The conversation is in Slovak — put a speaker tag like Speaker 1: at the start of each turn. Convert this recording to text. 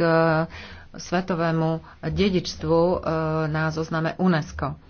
Speaker 1: k svetovému dedičstvu e, na zozname UNESCO.